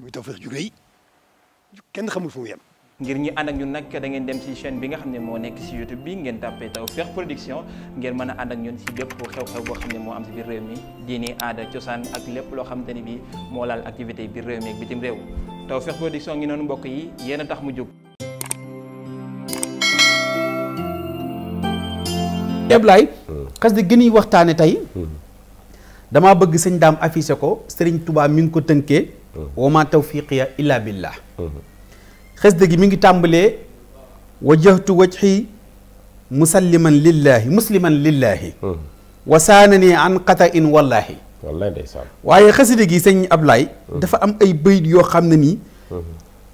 muy Tawfekh ju rëy kenn xamul fu mu ngir ñi ànd ak ñun nag da ngeen dem ci chaîne bi nga xam ne moo nekk ci YouTube bi ngeen tàppee Tawfekh Production ngeen mën a ànd ak ñun ci bépp xew-xew boo xam ne moo am ci biir réew mi diini aada cosaan ak lépp loo xamante ni bi moo laal activité biir réew mi ak bitim réew Tawfekh Production ngi noonu mbokk yi yéen tax mu jóg. Ablaye hmm. xas waxtaane tey hmm. damaa bëgg sëñ daam affiché ko Serigne Touba mi ngi ko tënkee. wa ma tawfiqiya illa billah xesde gi mi ngi tàmbalee wajjahtu wajhi musalliman lillahi musliman lillahi wa saanani an qata in wallahi wallaay ndeysaan waaye xasida gi sëñ Ablaay dafa am ay bayit yoo xam ne nii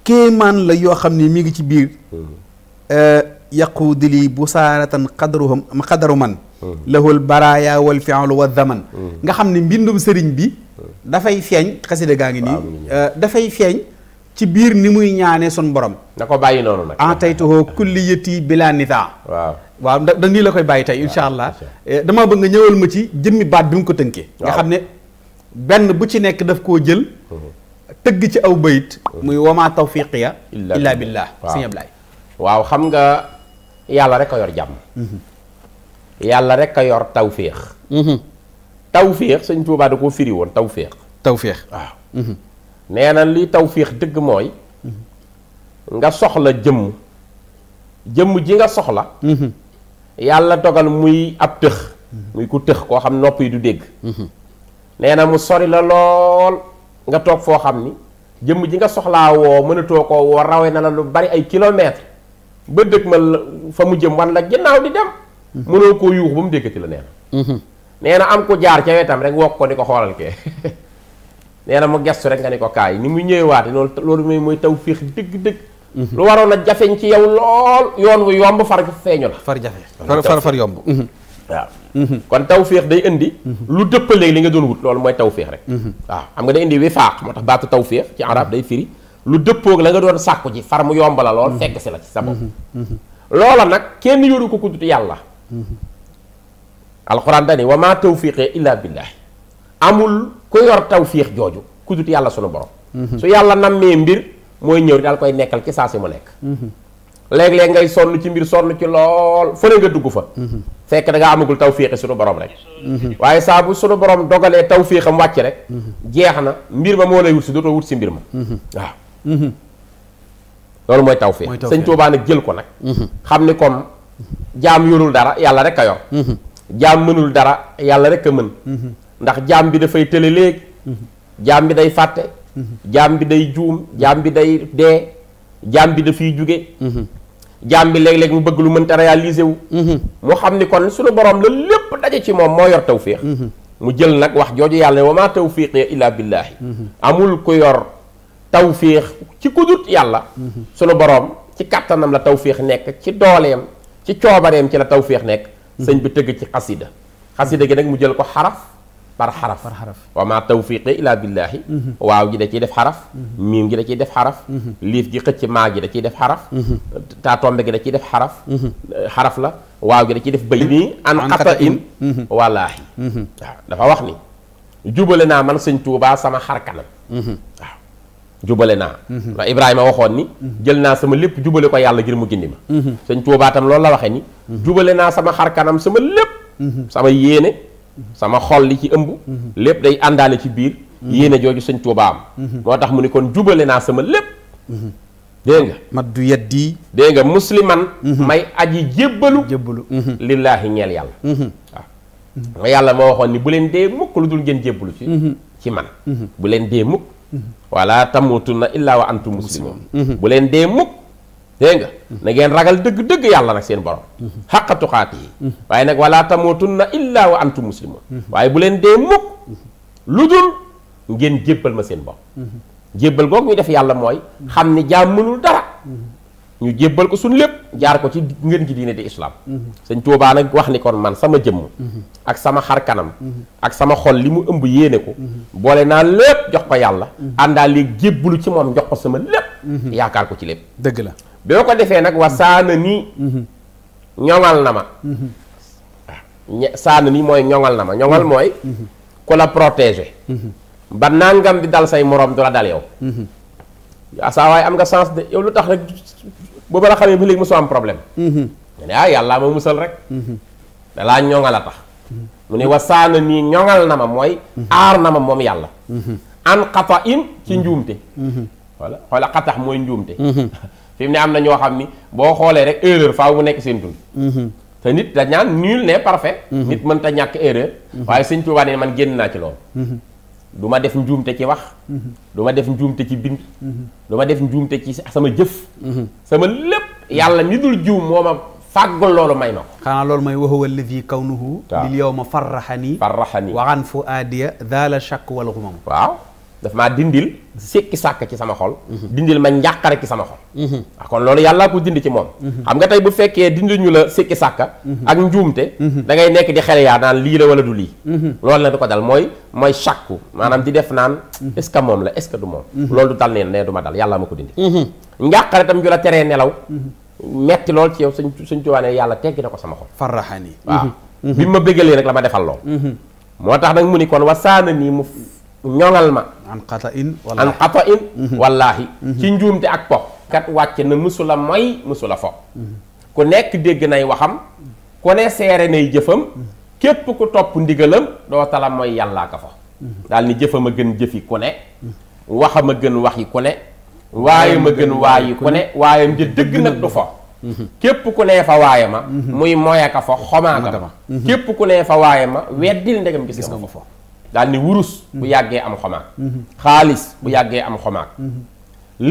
kéemaan la yoo xam ne mi ngi ci biir yaquudi lii busaaratan qadaruhum qadaru man hmm. lahul baraaya wal fi'lu wa zaman hmm. nga xam ne mbindum sëriñ bi hmm. dafay feeñ xasida gaa ngi nii euh, dafay feeñ ci biir ni muy ñaane sun borom nga ko bàyyi noonu nag en taytuhoo kulli yëti bila nitaa waaw waaw da nii la koy bàyyi tey insha allah euh, dama bëgg nga ñëwal ma ci jëmmi baat bi mu ko tënkee nga xam ne benn bu ci nekk daf koo jël tëgg ci aw bayit muy wama tawfiqiya illa billah sëñ Ablaay waaw xam nga yàlla rek a yor jàmm mhm. yàlla rek a yor tawféex mhm. tawféex sëñ Tuubaa da koo firi woon tawféex tawféex waaw mhm. nee na li tawféex dëgg mooy nga soxla jëmm jëmm ji nga soxla yàlla dogal muy ab tëx muy ku tëx koo xam nopp yi du dégg nee na mu sori la lool nga toog foo xam ni jëmm ji nga soxlaa woo mënatoo ko woo rawe na la lu bari ay kilomètres ba dëkk mal fa mu jëm wan la ginnaaw di dem mënoo koo yuux ba mu dékkati la neen mm-hmm. nee na am ko jaar ca wetam rek wokk ko ni ko xoolal kee nee na mu gestu rek nga ni ko kaay ni mu ñëwaate loolu loolu mooy mooy taw féex dëgg-dëgg mm-hmm. lu waroon a jafeñ ci yow lool yoon wu yomb far feeñu la far jafe far far yomb mm-hmm. waaw kon taw féex day indi lu dëppaleeg li nga doon wut loolu mooy taw féex rek waaw xam nga day indi wifaax moo tax baatu taw féex ci arab day firi lu dëppoog la nga doon sàkku ci far yomb la lool mhm. fekk si la ci sa bopp mhm. Mhm. loola nag kenn yoru ko kuddut yàlla alxuraan dani wa maa tawfiqee illaa billaah amul ku yor tawfiq jooju kuddut yàlla sunu borom su yàlla nammee mbir mooy ñëw daal koy nekkal ci saa si mu nekk léeg-léeg ngay sonn ci mbir sonn ci lool fële nga dugg fa fekk da ngaa amagul tawféexi sunu borom rek waaye saa bu sunu borom dogalee tawféexam wàcc rek jeex na mbir ma moo lay wut si dootoo loolu mooy tawféex sëñ Tuubaa nag jël ko nag xam ni comme jaam yorul dara yàlla rek a yor jaam mënul dara yàlla rek a mën ndax jaam bi dafay tële léegi jaam bi day fàtte jaam bi day juum jaam bi day dee jaam bi dafiy jóge jaam bi léeg-léeg mu bëgg lu mënta réaliser wu mu xam ni kon suñu borom la lépp daje ci moom moo yor tawféex mu jël nag wax jooju yàlla ne wa maa tawfiiqi illaa billaahi amul ku yor tawféex ci ku dut yàlla sunu boroom ci kàttanam la tawféex nekk ci dooleem ci coobareem ci la tawféex nekk sëñ bu tëgg ci xasida xasida gi nag mu jël ko xaraf par xaraf par xaraf wa maa waaw ji da ciy def xaraf miim gi da ciy def xaraf gi xëcc maa gi da ciy def xaraf taa tombe da ciy def xaraf xaraf la waaw gi def bëy nii an xata in wallaahi mhm. dafa wax ni jubale naa man sëñ Tuubaa sama xar kanam mhm. waaw jubale naa mhm. ndax Ibrahima waxoon ni mhm. jël naa sama lépp jubale ko yàlla ngir mu gindi ma mhm. sëñ Tuubaa tam loolu la waxee ni jubale naa sama xar kanam sama lépp sama yéene sama xol li ci ëmb lépp day àndaale ci biir yéene jooju sëñ Tuubaa am moo tax mu ni kon jubale naa sama lépp dégg nga mat du yeddi dégg nga musliman may aji jébbalu jébbalu lillaahi ñeel yàlla waaw ma yàlla moo waxoon ni bu leen dee mukk lu dul ngeen jébbalu ci ci man bu leen dee mukk wala tamutunna illaa wa antum muslimun mhm. bu leen dee mukk dégg nga mhm. na ngeen ragal dëgg-dëgg yàlla nag seen borom xaqa mhm. tuqaati yi waaye nag wala tamutunna illaa wa antum muslimun waaye bu leen dee mukk lu dul ngeen jébbal ma seen bopp jébbal googu ñu def yàlla mooy xam ni jaam mënul dara ñu jébbal ko suñu lépp jaar ko ci ngeen ji diine di islam mhm. sëñ Tuubaa nag wax ni kon man sama jëmm mhm. ak sama xar kanam mhm. ak sama xol li mu ëmb yéene ko boole naa lépp jox ko yàlla àndaa léegi jébbalu ci moom jox ko sama lépp yaakaar ko ci lépp dëgg la boo ko defee nag wa saana nii ñoŋal na ma waaw saana nii mooy ñoŋal na ma ñoŋal mooy ku la protégé ba nangam di dal say moroom du la dal yow ah saa waaye am nga sens de yow lu tax rek booba la xamee ba léegi mosoo am problème. Mm-hmm. nga ne ah, yàlla ma musal rek. Mm-hmm. da laa ñoŋal a tax. Mm-hmm. mu ne wasaana nii ñoŋal na ma mooy. aar na ma moom yàlla. an xata in ci njuumte. voilà xoola xatax mooy njuumte. fi mu ne am na ñoo xam ni boo xoolee rek erreur faaw mu nekk seen dund. te nit dañ naan nul n'est parfait. nit mënta ñàkk erreur. waaye Sëñ Tuubaa ne man génn naa ci loolu. du ma def njuumte ci wax du ma def njuumte ci bind du ma def njuumte ci sama jëf sama lépp yàlla mi dul jiw moo ma fàggul loolu may ma ko xanaa loolu may waxuwa lëfi kawnuhu lil yow ma farraxani farraxani wa an fu daal daala shakk wal xumam waaw daf maa dindil sekki sàkk ci sama xol mhm. dindil ma njàqare ci sama xol mhm. ah, kon loolu yàllaa ko dindi ci moom mhm. xam nga tey bu fekkee dindil ñu la sekki sàkk ak njuumte da ngay nekk di xel yaa naan lii la wala du lii loolu la du ko dal mooy mooy sàkku maanaam di def naan est ce que moom la est ce que du moom loolu du dal neen ne du ma dal yàlla ma ko dindi njàqare itam ju la teree nelaw metti lool ci yow suñ suñ tubaane yàlla teggi na ko sama xol farraxani waaw bi ma bëggalee la ma defal ñoŋal ma. an xata in. wallaahi mhm. mhm. ci njuumte ak po. kat wàcc na mësula moy mësula fo. Mhm. ku nekk dégg nay waxam. ku ne seere nay jëfam. képp ku topp ndigalam doo tala mooy yàllaa ka fo. daal ni jëfam a gën jëfi ku ne. waxam a gën waxi ku ne. waaye ma gën waayi ku ne waaye ja dëgg nag du fo. képp ku nee fa waaye ma muy moya ka fa xomaa ka ma képp ku nee fa waaye ma weddil ndegam gis nga fa daal wurus bu mhm. yàggee am xomaag mhm. xaalis bu yàggee am xomaag mhm.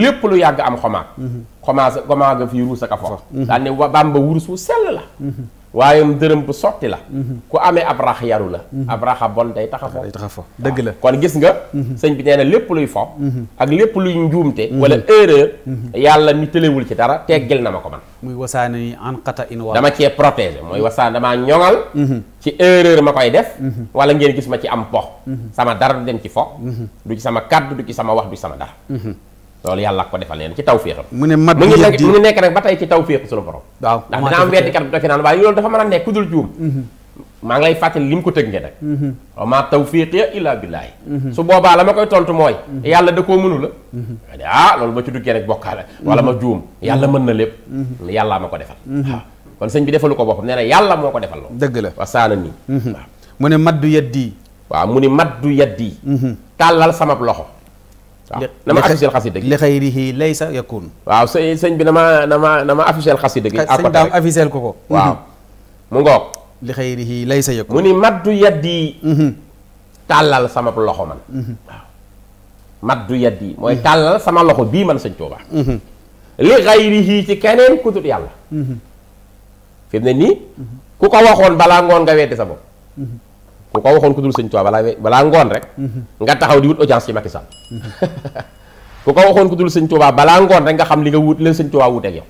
lépp lu yàgg am xomaag xomaag xomaag a fii ruus ak a fo daal wurus wu sell la waayem dërëm bu sotti la mhm. ku amee ab rax yaru la mhm. ab raxa bon day taxa fo taxa fo dëgg la kon gis nga mhm. sëñ bi nee na lépp luy fo ak lépp luy njuumte wala erreur yàlla ni tëlewul ci dara teggil na ma ko man muy wasaane ni anqata in dama cee protégé mooy wasaan damaa ñoŋal ci erreur ma koy def wala ngeen gis ma ci am pox sama dara du dem ci fo du ci sama kàddu du ci sama wax bi ci sama dara loolu yàlla ko defal leen ci tawféexam mu ne mat mu nekk nag ba tey ci tawféexu suñu borom waaw ndax dina am weddikat bu defe naan waaye loolu dafa mën a nekk ku dul juum mhm. maa ngi lay li mu ko tëgg nge nag mhm. wa maa tawfiiqiya illaa billaahi mhm. su boobaa la koy tontu mooy yàlla da koo mënu la ma ah, loolu ma ci duggee rek bokkaale wala ma juum yàlla mën na lépp yàllaa ma ko defal waaw kon sëñ bi defalu ko boppam nee na yàlla moo ko defal loo dëgg la wa saana nii waaw mu ne maddu yaddi waaw mu ne maddu yaddi tàllal samab loxo Ah. nama affiché xasida gi li xayrihi laysa yakun waaw sëñ sëñ bi nama nama nama affiché xasida gi sëñ daam ko ko waaw mm-hmm. mu ngoog li xayrihi laysa yakun mu ni maddu yaddi mm-hmm. tàllal sama loxo man mm-hmm. waaw maddu yaddi mooy tàllal sama loxo bii man sëñ Tuuba li xayrihi ci keneen ku dul yàlla fi mu ne nii ku ko waxoon balaa ngoon nga weddi sa bopp ku ko waxoon ku dul sëñ Tuubaa balaa balaa ngoon rek nga taxaw di wut audience ci Macky Sall ku ko waxoon ku dul sañ Tuubaa balaa ngoon rek nga xam li nga wut leen sëñ Tuubaa wuteeg yow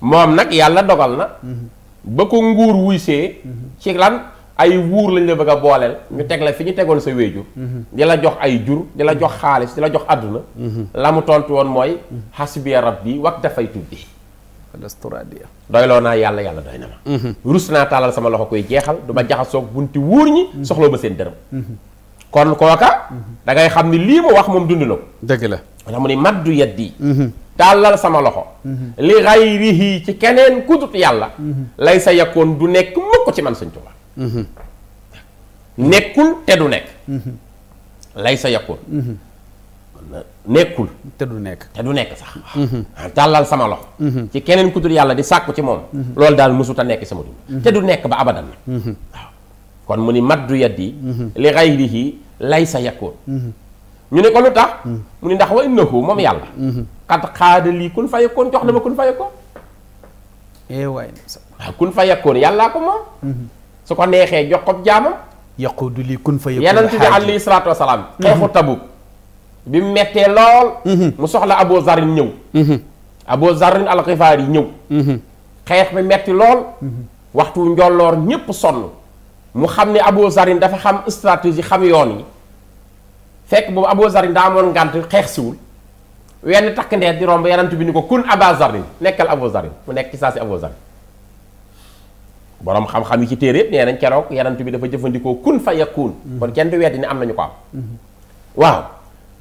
moom nag yàlla dogal na ba ko nguur wuy see ci lan ay wuur lañ la bëgg a booleel ñu teg la fi ñu tegoon sa wéejur di la jox ay jur di la jox xaalis di la jox àdduna mhm. la mu tontu woon mooy xasbiya rabbi wak dafay tubbi lasturaadiya doyloo naa yàlla yàlla doy na ma mhm. rus naa taalal sama loxo koy jeexal du ma jaxasoog bunti wóor ñi mhm. soxloo ma seen dërëm mhm. kon kooka da ngay xam ni lii mu wax moom dund na ko dëgg la ndax mu ni maddu yaddi tàllal sama loxo li xayrihi ci keneen kudut yàlla lay sa yakkoon du nekk mukk ci man Sëñ Tuubaa nekkul te du nekk lay sa yakkoon nekkul. te du nekk te du nekk sax. Ah, tàllal sama loxo. ci keneen ku yàlla di sàkku ci moom. loolu daal mësut nekk sama dund. te du nekk ba abadan na. waaw kon mu ni maddu yaddi. li xayrihi lay sa yakkoon. ñu ne ko lu tax. mu ni ndax wa innahu moom yàlla. xat xaada lii kun fa yakkoon jox na ma kun fa yakkoon. eh waay. Ah, kun fa yakkoon yàllaa ko moom. su ko neexee jox ko jaamam. yaquudu lii kun fa yakkoon. yeneen ci aleyhi salaatu wa salaam. xeexu Tabuk. bi mu mettee lool. Mhm. mu soxla aboo Zarin ñëw. Mhm. Abu Zarin alxifaar yi ñëw. Mhm. xeex bi metti lool. waxtu njolloor ñépp sonn. mu xam ni aboo Zarin dafa xam stratégie xam yoon yi fekk boobu aboo Zarin daa amoon ngànt xeex siwul wenn takk ndeer di romb yanant bi ni ko kun Aba Zarin nekkal aboo Zarin mu nekk ci saa si Abu Zarin boroom xam-xam yi ci téere yëpp nee nañ keroog yanant bi dafa jëfandikoo kun fa yakun kon kenn du weddi ni am nañu ko am waaw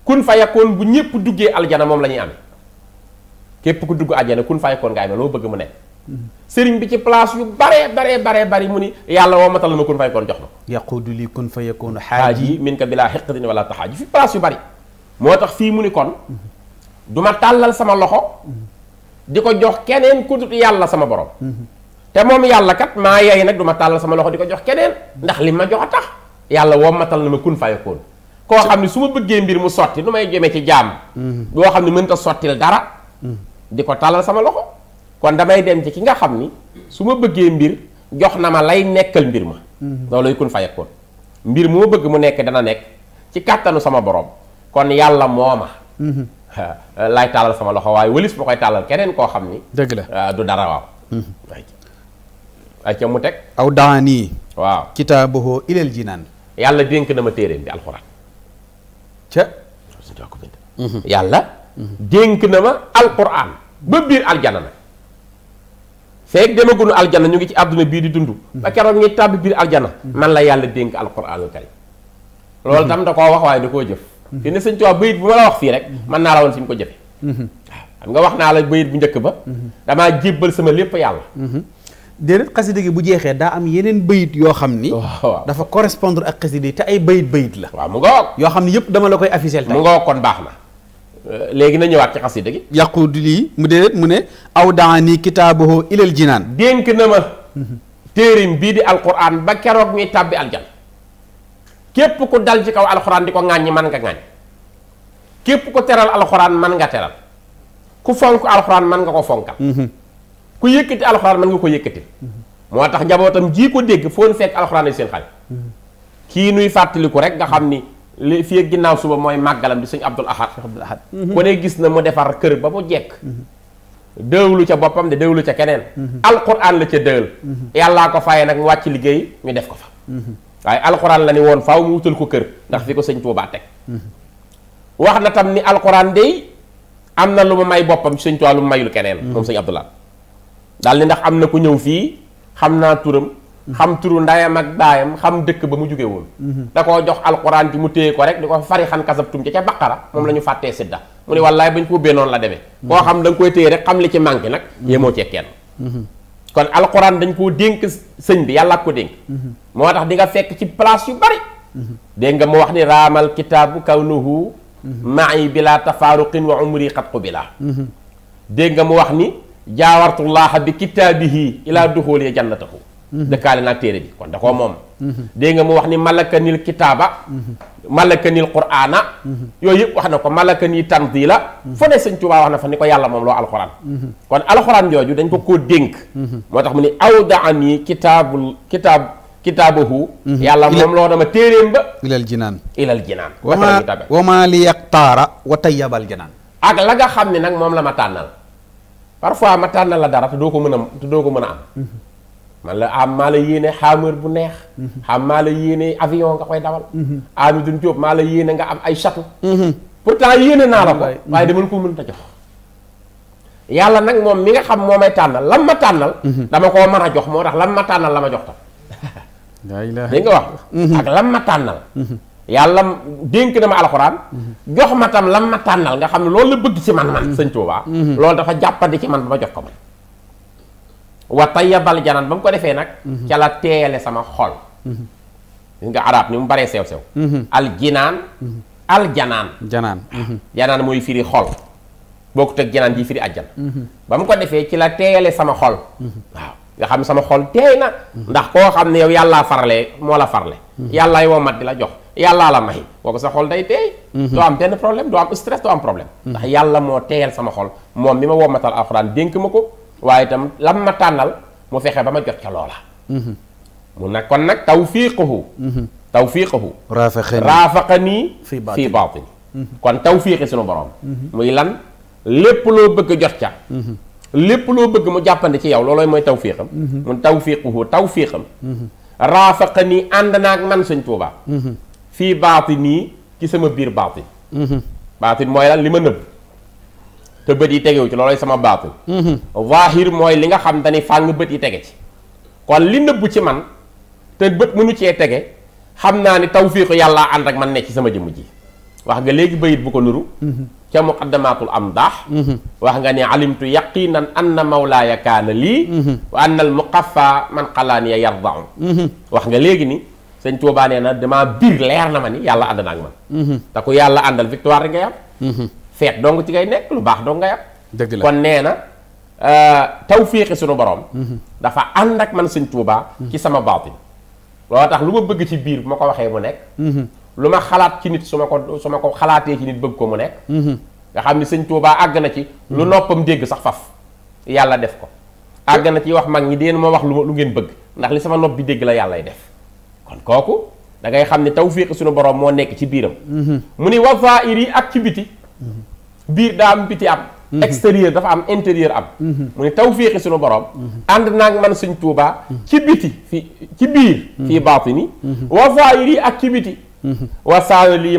kun fa bu ñëpp duggee aljana moom la ñuy amee képp ku dugg aljana kun fa yakkoon nga amee loo bëgg mu ne sëriñ bi ci place yu baree baree baree bari mu ni yàlla woo matal na kun fa yakkoon jox na yaquudu li kun fa yakkoon xaaji min ka bilaa xiqatin wala taxaaji fi place yu bari moo tax fii mu ni kon du ma tàllal sama loxo di ko jox keneen ku yàlla sama borom te moom yàlla kat maa yaay nag du ma tàllal sama loxo di ko jox keneen ndax li ma jox a tax yàlla woo matal na ma kun fa koo xam ne su ma bëggee mbir mu sotti nu may jëmee ci jaam boo mm-hmm. xam ne mën ta sottil dara mm-hmm. di ko talal sama loxo kon damay dem ci ki nga xam ni su ma bëggee mbir jox na ma lay nekkal mbir ma mm-hmm. loolay kun mbir moo bëgg mu nekk dana nekk ci kàttanu sama borom kon yàlla mooma lay sama loxo waaye wëlis ma koy tàllal keneen koo xam ni dëgg la ah, du dara waaw ay ca mu teg aw daanii waaw kitaabahu ilal naan yàlla dénk na ma téeréem bi alxuraan ca yàlla dénk na ma alquran ba biir aljana nag feeg demagunu aljana ñu ngi ci àdduna bii di dund ba keroog ngi tàbbi biir aljana man la yàlla dénk alquranul karim loolu tam da koo wax waaye da koo jëf te ne sëñ Tuubaa bayit bu ma la wax fii rek mën naa la woon fi ko jëfe mhm. waaw nga wax naa la bayit bu njëkk ba mhm. damaa jébbal sama lépp yàlla mhm. déedéet xasida gi bu jeexee daa am yeneen bayit yoo xam ni oh, dafa correspondre ak xasida yi te ay bayit bayit la waaw mu yoo xam ni yëpp dama la koy officiel nga woog kon baax na euh, na ñëwaat ci xasida lii mu mu ne aw daani kitaabahu ilal jinaan dénk na ma mhm. téerim bii di alquran ba keroog ñuy tàbbi aljan képp ku dal ci kaw alquran di ko ŋàññi man nga ŋàññ képp ku teral alquran man nga teral ku fonk alquran man nga ko fonkal mhm. ku yëkkati alxuraan mën nga ko yëkkati moo tax njabootam ji ko dégg foon fekk alxuraan seen xale kii nuy fàttaliku rek nga xam ni li fii ginnaaw suba mooy màggalam di sëñ Abdul Ahad Abdul Ahad mm-hmm. ku ne gis na mu defar kër ba mu jekk mm-hmm. déewlu ca boppam de déewlu ca keneen mm-hmm. alxuraan la ca déewal yàllaa ko fayee nag mu wàcc liggéey ñu def ko fa waaye alxuraan la ni woon faw mu wutal ko kër ndax fi ko sëñ Tuubaa teg wax na tam ni alxuraan dey am na lu ma may boppam sëñ Tuubaa lu mu mayul keneen moom sëñ Abdul Ahad daal ni ndax am na ku ñëw fii xam naa turam xam turu ndayam ak baayam xam dëkk ba mu jóge woon mhm. da koo jox alquran bi mu téye ko rek di ko fari xan kasabtum ca ca baqara moom la ñu fàttee sidda mu ne wallaay bañ ko ubbee noonu la demee mhm. koo xam da nga koy téye rek xam li ci manqué nag mhm. yéemoo cee kenn kon alquran dañ koo dénk sëñ bi yàlla ko dénk moo tax di nga fekk ci place yu bari dégg nga mu wax ni raamal kitaabu kawnuhu ma'i bila tafaaruqin wa umri qad qubila dégg nga mu wax ni jaawartullaaha bi kitaabihi ilaa duxuuli jannatahu mhm. dëkkaale naag téere bi kon da koo moom mhm. dégg nga mu wax ni malakanil kitaaba mhm. malakanil quraana yooyu yëpp wax na ko malakani tanzila fa ne sëñ Tuubaa wax na fa ni ko yàlla moom loo alxuraan kon alxuraan jooju dañ ko koo dénk moo tax mu ni awdaani kitaabul kitaab kitaabahu yàlla moom loo dama téeréem ba ilal jinaan ilal jinaan wama li yaqtaara wa tayyabal jinaan ak la nga xam ni nag moom la ma tànnal parfois ma tànnal la dara te doo ko mën a te doo ko mën a am man la am maa la yéene xaameur bu neex am maa la yéene avion nga koy dawal am duñ jóob maa la yéene nga am ay château pourtant yéene naa la ko waaye dama ko mën ta jox yàlla nag moom mi nga xam moo may tànnal lam ma tànnal dama koo man a jox moo tax lam ma tànnal la ma jox tam dégg nga wax ak lam ma tànnal yàlla dénk na ma alxuraan jox ma tam lam ma tànnal nga xam ne loolu la bëgg ci man man mm-hmm. sëñ Tuubaa mm-hmm. loolu dafa jàppandi ci man ba ma jox ko man wa tayyabal janaan ba mu ko defee nag mm-hmm. ca la sama xol gis nga arab mu baree sew sew al jinaan al janaan janaan janaan mooy firi xol boo ko teg janaan ji firi ajjan ba mu ko defee ci la teeyale sama xol waaw nga xam sama xol teey na ndax koo xam ne yow yàllaa farale moo la farale yàllaay yoo mat di la jox yàllaa la may boobu sa xol day teey mhm. doo am benn problème doo am stress doo am problème mhm. ndax yàlla moo teeyal sama xol moom mi ma wommatal alxuraan dénk ma ko waaye itam lam ma tànnal mu fexe ba ma jot ca loola mhm. mu nag kon nag tawfiiquhu tawfiiquhu raafaqanii fii baatini kon tawfiiqi sunu borom muy lan lépp loo bëgg jot ca lépp loo bëgg mu jàppandi ci yow loolooy mooy tawfiiqam mun tawfiiquhu tawfiiqam raafaqanii ànd naag man sëñ Tuubaa fii baatinii ci sama biir baatin mhm. baatin mooy lan li ma nëbb te bët yi tegewu ci loolooy sama baatin mhm. zaahir mooy li nga xam te ni fàng bët yi tege ci kon li nëbb ci man te bët nu cee tege xam naa ni tawfiiqu yàllaa ànd ak man ne ci sama jëmm ji wax nga léegi bayit bu ko nuru mhm. ca muqaddamatul am daax wax nga ne alimtu yaqinan anna mawlaaya kaana lii wa anna al muqaffa man xalaaniya yardau wax nga léegi ni sëñ Tuubaa nee na damaa biir leer na ma ni yàlla ànd na ak man mhm. te ku yàlla àndal victoire rek ngay am mhm. feet dong ci ngay nekk lu baax dong ngay am dëgg la kon nee na euh, tawféexi sunu borom mhm. dafa ànd ak man sëñ Tuubaa ci sama baatin loo tax lu ma bëgg ci biir bu ma ko waxee mu nekk lu ma xalaat ci nit su ma ko su ma ko xalaatee ci nit bëgg ko mu nekk nga xam ni sëñ Tuubaa àgg na ci lu noppam dégg sax faf yàlla def ko àgg na ci wax mag ñi deen ma wax lu lu ngeen bëgg ndax li sama nopp bi dégg la yàllay def kon kooku da ngay xam ne tawfiq suñu borom moo nekk ci biiram mhm. mu ni wa zaahir yi ak ci biti mhm. biir daa am biti am mhm. extérieur dafa am intérieur am mu ni tawfiqi suñu borom ànd naag man suñ tuubaa ci biti fi ci biir fii baatini wa zaahir yi ak ci biti wa saalu lii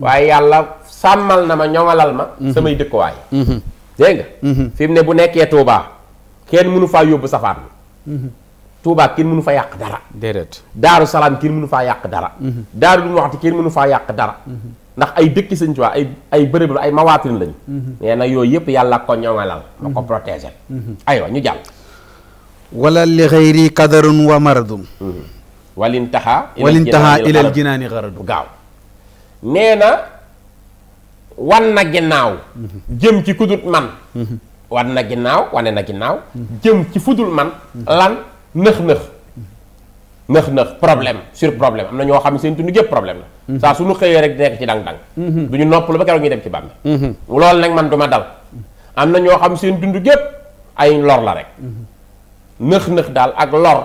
waaye yàlla sàmmal na ma ñoŋalal ma samay dëkkuwaay dégg nga fi ne bu nekkee tuubaa kenn mënu faa yóbbu safaan bi Touba kenn mënu fa yàq dara. déedéet Daaru Salaam kenn mënu faa yàq dara. Mhm. Daaru lu mu waxtu kenn mënu faa yàq dara. Mhm. ndax ay dëkki Sëñ Tuubaa ay ay bërëb ay mawaatin lañu. Mhm. nee na yooyu yëpp yàlla ko ñoŋalal. da ko protéger. aywa ñu jàll. wala li xëyri kadarun wa maradun. walintaha. walintaha ilal jinaani xaradu gaaw nee na wan na ginnaaw. jëm ci kudut man. wan na ginnaaw wane na ginnaaw. jëm ci fudul man lan. nëx nëx nëx nëx problème sur problème am na ñoo xam ne seen dund yëpp problème la mhm. saa suñu xëyee rek nekk ci dang-dang mhm. du ñu noppalu ba keroog ñu dem ci bàmmi mhm. loolu nag man du dal am na ñoo xam seen dund yëpp ay lor la rek nëx nëx daal ak lor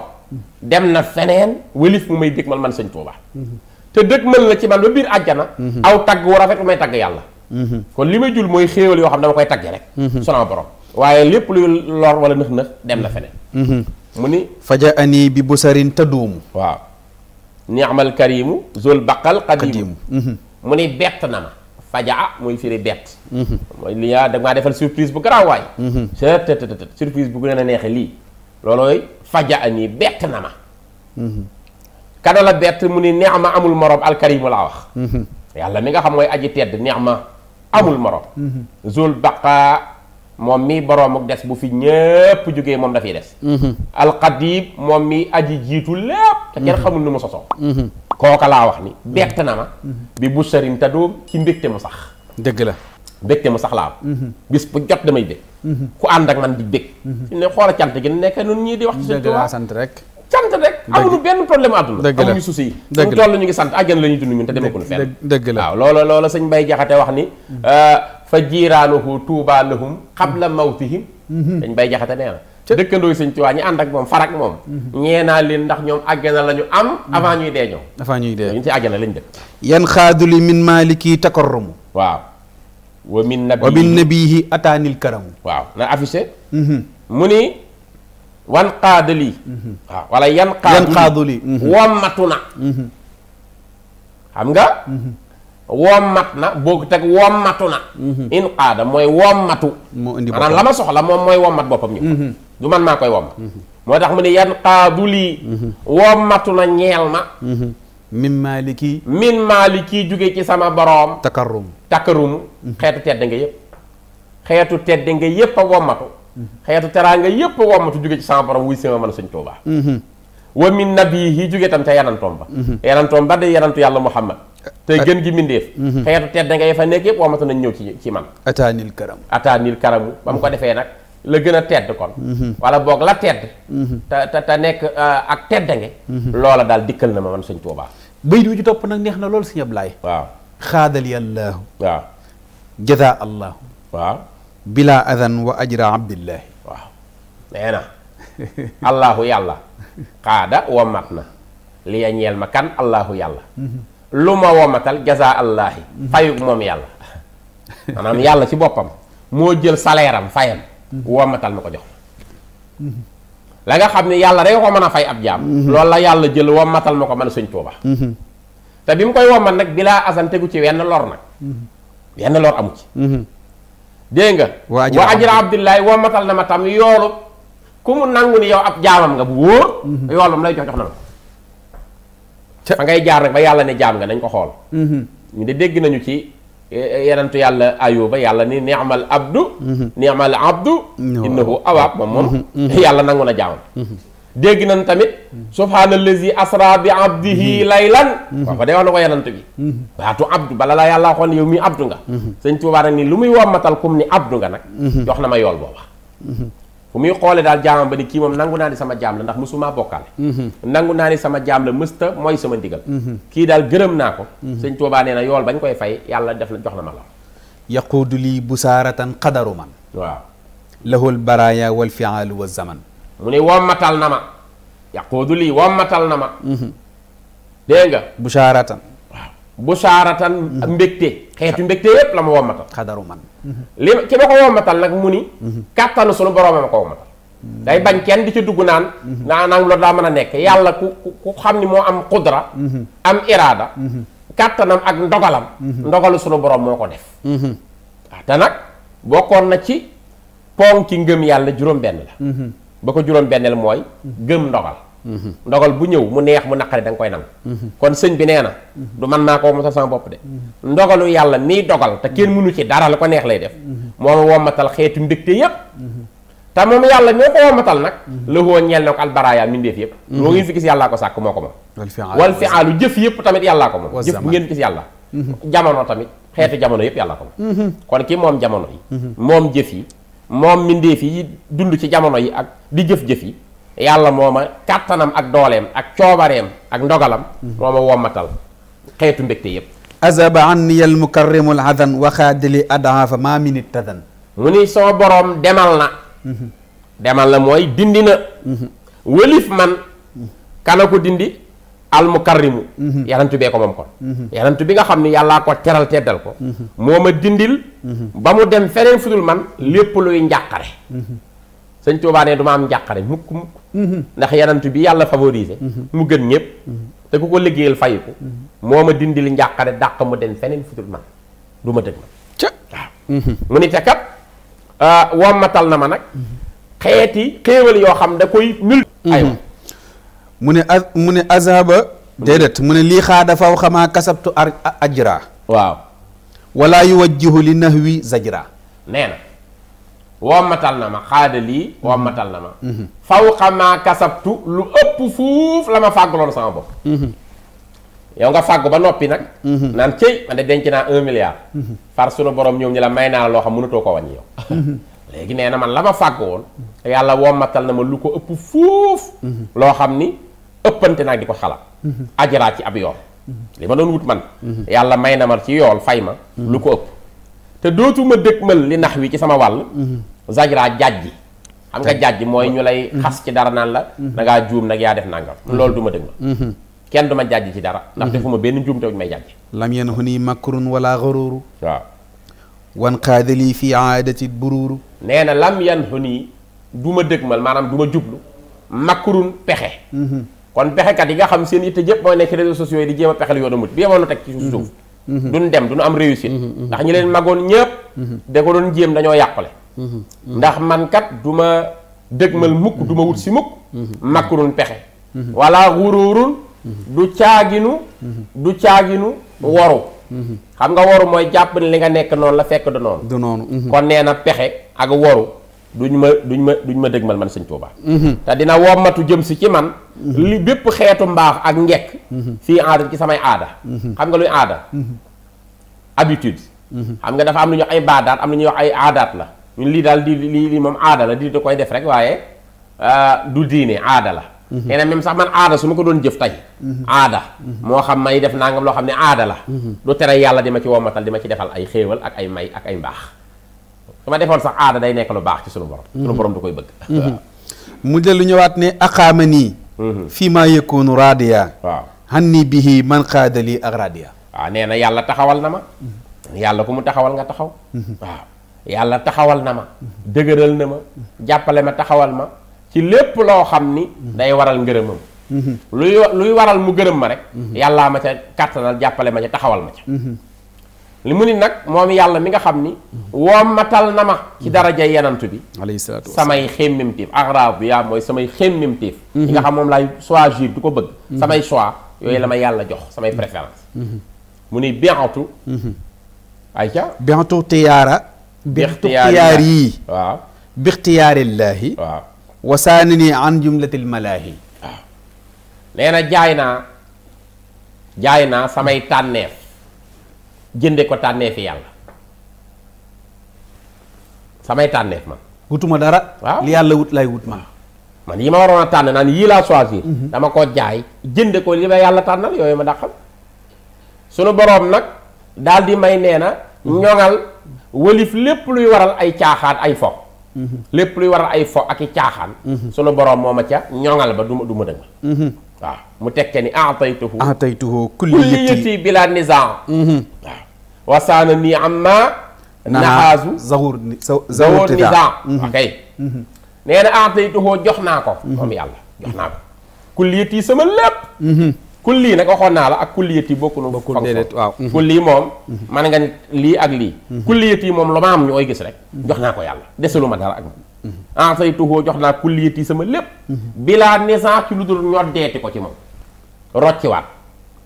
dem na feneen wëlif mu may dëgg man man sëñ Tuuba te dëgg mën la ci man ba biir àjjana aw tagg wu rafet bu may tagg yàlla kon li may jul mooy xéewal yoo xam dama koy tagge rek sama borom waaye lépp luy lor wala nëx nëx dem na feneen mu ni faja ani bi busarin tadduumu waaw niamal karimu zol baqal qadimu mhm. mu ni bett na ma fajaa mooy firi bett mhm. mooy li yaa da maa defal surprise bu garaaw waay sëtëtëtët mhm. surprise bu gën a neexe lii loolooy faja ani bett na ma kanala la bett mu ni neex ma amul morom alkarimu laa wax yàlla mi nga xam mooy aji tedd neex ma amul morom zol baqa moom mi boroomuk des bu fi ñépp jógee moom dafiy des mhm. alxadib moom mi aji jiitu lépp te kenn mhm. xamul nu mu sosoo mhm. kooka laa wax ni bett na ma bi bu sëriñ te doom ci mbégte mu sax dëgg la mbégte mu sax laa am bis bu jot damay bég ku ànd ak man di bég ne xoola cant gi nekk nun ñii di wax ci dëgg sant rek sant rek amuñu benn problème àdduna dëgg la amuñu souci yi dëgg la toll ñu ngi sant àjjana la ñuy dund ñun te demaguñu fenn dëgg la waaw loola loola sëñ Mbay ni euh, fa jiiraanuhu tuubaa lahum xabla mawtihim mhm. dañ bay jaxate nee na dëkkandooy ci Tuubaa ñi ànd ak moom farak moom mhm. ñeenaa leen ndax ñoom àggana la ñu am mhm. avant ñuy dee ñoom avant ñuy dee ñu ci àggana lañ dëkk yan xaaduli min maaliki takarrumu waaw wa min nabi wa min nabihi ataanil karamu waaw na affiché mu ni wan xaaduli waaw wala yan xaaduli na xam nga woom mat na boog teg woom matu na mhm. in mooy woom matu maanaam la ma soxla moom mooy woom mat boppam mhm. man maa koy woom mhm. moo tax mu ne yan qaadu lii woom matu na ñeel ma min maaliki min maaliki jóge ci sama boroom takarum takarum xeetu tedd nga yépp xeetu tedd nga yépp a wommatu xeetu teraanga yépp a wommatu jóge ci sama boroom wuy sima mën a sëñ Tuubaa wa min nabiihi jóge tam ca yanantoom ba yanantoom ba day yanantu yàlla Muhammad te gën gi mindeef mhm. xeetu tedd ngay fa nekk yëpp wamatu nañ ñëw ci ci man ataanil karam ataanil karamu ba mu ko mhm. defee nag la gën a tedd kon mhm. wala boog la tedd te te nekk uh, ak teddange loola daal dikkal na ma man sëñ Tuubaa bay du ci topp nag neex na lool sëñ Ablaay waaw xaadali allaahu waaw jaza allaahu waaw bila adan wa ajra abdillahi waaw nee na allaahu yàlla xaada wa mat na li ya ñeel ma kan allaahu yàlla lu ma womatal jaza allaahi fayug moom yàlla maanaam yàlla ci boppam moo jël salaire am fayam womatal ma ko jox la nga xam ne yàlla rek ko mën a fay ab jaam loolu la yàlla jël womatal ma ko mën a sëñ Tuuba te bi mu koy womat nag bilaa asan tegu ci wenn lor nag wenn lor amu ci dégg nga wa ajra abdullahi womatal na ma tam yoolu ku mu nangu ni yow ab jaamam nga bu wóor mhm. yoolum lay jox jox na ma fa ngay jaar nag ba yàlla ne jaam nga nañ ko xool mhm. ñu de dégg nañu ci eh, eh, yenentu yàlla ayuba yàlla ni ni'mal abdu mhm. ni'mal abdu innahu awaab moom moom mhm. yàlla nangu na jaamam dégg nañ tamit subhaanallazi asra bi abdihi laylan waaw fa day wax na ko yenant bi baatu abdu bala la yàlla waxoon yow mi abdu nga sëñ Tuubaa nag ni lu muy wommatal kum ni abdu nga nag jox na ma yool booba fu muy xoole daal jaamam ba ni kii moom nangu naa ni sama jaam la ndax mësuma bokkaale mhm. nangu naa ni sama jaam la mësta mooy sama ndigal mhm. kii daal gërëm naa ko mhm. sëñ Tuubaa nee na yool bañ koy fay yàlla def na jox na ma la yaquudu lii busaaratan qadaru man waaw lahul baraaya wal fiaal wa zaman mu ne wommatal na ma yaquudu lii wommatal na ma dégg nga busaaratan waaw busaaratan mbégte xeetu mbégte yépp la ma wommatal qadaru ma li ki ma ko wommatal nag mu ni mhm. kàttanu sunu boroomam ko wommatal mhm. day bañ kenn di ci dugg naan mhm. naa nang loolu daa mën a nekk yàlla ku ku xam ni moo am xudra am iraada kàttanam ak ndogalam ndogalu sunu boroom moo ko def waaw ah, te nag bokkoon na ci ponk ci ngëm yàlla juróom benn la ba ko juróom benn mooy gëm ndogal ndogal bu ñëw mu neex mu naqari da nga koy nangu kon sëñ bi nee na du man naa ko wommatal sama bopp de ndogalu yàlla miy dogal te kenn mënu ci dara lu ko neex lay def moom wommatal xeetu mbégte yëpp te moom yàlla ñoo ko wommatal nag la woo ñeel na ko albaraaya mbindeef yépp loo mhm. ngeen fi gis yàllaa ko sàkk moo ko moom jëf yépp tamit yàllaa ko moom jëf bu ngeen yàlla mhm. jamono tamit xeetu jamono yépp yàllaa ko moom mhm. kon ki moom jamono yi moom jëf yi moom mbindeef yi dund ci jamono yi ak di jëf-jëf yi yàlla moo ma kàttanam ak dooleem ak coobareem ak ndogalam mhm. moo ma wommatal xeetu mbégte yépp azaba anni al mukarrimu al hadan wa xaadili adhaafa maa minit tadan mu ni sama boroom demal na mhm. demal na mooy dindi na mhm. wëlif man kana ko dindi al mukarrimu yanantu bee ko moom kon yanantu bi nga xam ni yàllaa ko teral teddal ko moo ma dindil ba mu dem feneen fudul man lépp luy njàqare sëñ Tuubaa ne du ma am njàqare mukk mukk mhm. ndax yanant bi yàlla favoriser mhm. mu gën ñëpp mhm. te ku ko liggéeyal fayu moo ma dindi li njàqare dàq mu dem feneen futul man du ma dëgg ma waaw mu ni ah, na ma nag xeeti yoo xam da koy mu ne a mu ne azaba déedéet mu ne lii xaa dafaw xamaa kasabtu ar ajra waaw wala yuwajjihu li nahwi zajra nee na wommatal na ma xaada lii mhm. wommatal na ma mhm. faw xamaa kasabtu lu ëpp fuuf la ma fàgg fàgguloon sama bopp mhm. yow nga fàggu ba noppi nag naan cëy man de denc naa un milliard far sunu borom ñoom ñi la may naa loo xam mënatoo ko wàññi yow léegi nee na man la ma fàgg woon yàlla wommatal na ma lu ko ëpp fuuf loo xam ni ëppante nag di ko xalaat ajaraat ci ab yoon li ma doon wut man yàlla may na ma ci yool fay ma lu ko ëpp te dootuma dëgmal li nax wi ci sama wàll jaaj jajji xam nga jajji mooy ñu lay mhm. xas ci dara naan la mhm. da ngaa juum nag yaa def nangam mhm. loolu duma ma dëgg ma kenn du ma jajji ci dara ndax defu ma benn juum te buñu may jajji lam yen hu nii makrun wala xaruuru waaw wan xaadalii fii aadati buruuru nee na lam yan du ma dëgmal maanaam du ma jublu makrun pexe kon pexekat yi nga xam seen yitte yëpp mooy nekk ci réseaux sociaux yi di jéem a pexel yoonu mucc bi yemoon na teg ci suuf duñ dem duñu am réussite ndax ñi leen magoon ñëpp da ko doon jéem dañoo yàqule ndax man kat du ma dëgmal mukk du ma wut si mukk makkurun pexe wala wuruurun du caaginu du caaginu waru xam nga waru mooy jàpp ne li nga nekk noonu la fekk du noonu du noonu mhm. kon nee na pexe ak waru duñ ma duñ ma duñ ma dëgmal man sëñ Tuuba mhm. te dina wommatu jëm si ci man mhm. li bépp xeetu mbaax ak njekk fii aada ci samay aada xam nga luy aada habitude xam nga dafa am lu ñuy wax ay baadaat am lu ñuy wax ay aadaat la ñun lii daal di lii lii moom aada la di da koy def rek waaye ah, du diine aada la. Mhm. nee na sax man aada su ma ko doon jëf tey. Mhm. aada. Mhm. moo xam may def naa nangam loo xam ne aada la. du tere yàlla di ma ci womatal di ma ci defal ay xéewal ak ay may ak ay mbaax. su ma defoon sax aada day nekk lu baax ci sunu borom. sunu borom du koy bëgg. mu dellu ñëwaat ne aqaama nii. fii maa yëkkoonu radia. waaw hanni bihi man xaadali ak radia. waaw ah, nee na yàlla taxawal na ma. yàlla mu taxawal nga taxaw. yàlla taxawal na ma dëgëral na ma jàppale ma taxawal ma ci lépp loo xam ni day waral ngërëm ngërëmam luy luy waral mu gërëm ma rek yàlla ma ca kàttanal jàppale ma ca taxawal ma ca li mu ni nag moom yàlla mi nga xam ni wommatal na ma ci daraja yenantu bi alayhi xem samay xémmim téef agrab yaa mooy samay xémmim téef yi nga xam moom laay choisir du ko bëgg samay choix yooyu la ma yàlla jox samay préférence mu ni bientôt mhm. ay ca bientôt te bixtiyaar yi waaw bixtiyaarillaahi waaw wasaani nii an jumlatil malaahi waaw nee na jaay naa jaay naa samay tànneef jënde ko fi yàlla samay tànneef man wutuma dara waaw li yàlla wut lay wut man man yi ma waroon a tànn naan yii laa choisir mhm. dama ko jaay jënde ko li ma yàlla tànnal yooyu ma dàqal sunu boroom nag daal di may nee mhm. ñoŋal walif lépp luy waral ay caaxaan ay fo mhm. lépp luy waral ay fo ak i caaxaan mhm. sunu boroom mooma ca ñoŋal ba duma ma du mhm. waaw mu tekke ni ataytuhu ataytuhu kulliyati bila nizaa waaw wasaana nii am ma naxaasu zawur zawur nizaa ok nee na ataytuhu jox naa ko moom yàlla jox naa ko kulliyati sama lépp kulli nag waxoon naa la ak kulliyat yi bokkul bokkul déedéet waaw mhm. kulli moom man nga lii ak lii mhm. kulliyat yi moom lu ma am ñooy gis rek mhm. jox naa ko yàlla desalu ma dara ak moom en say tuhoo jox naa kulliyat yi sama lépp bilaa nisaan ci lu dul ñoddeeti ko ci moom rocciwaat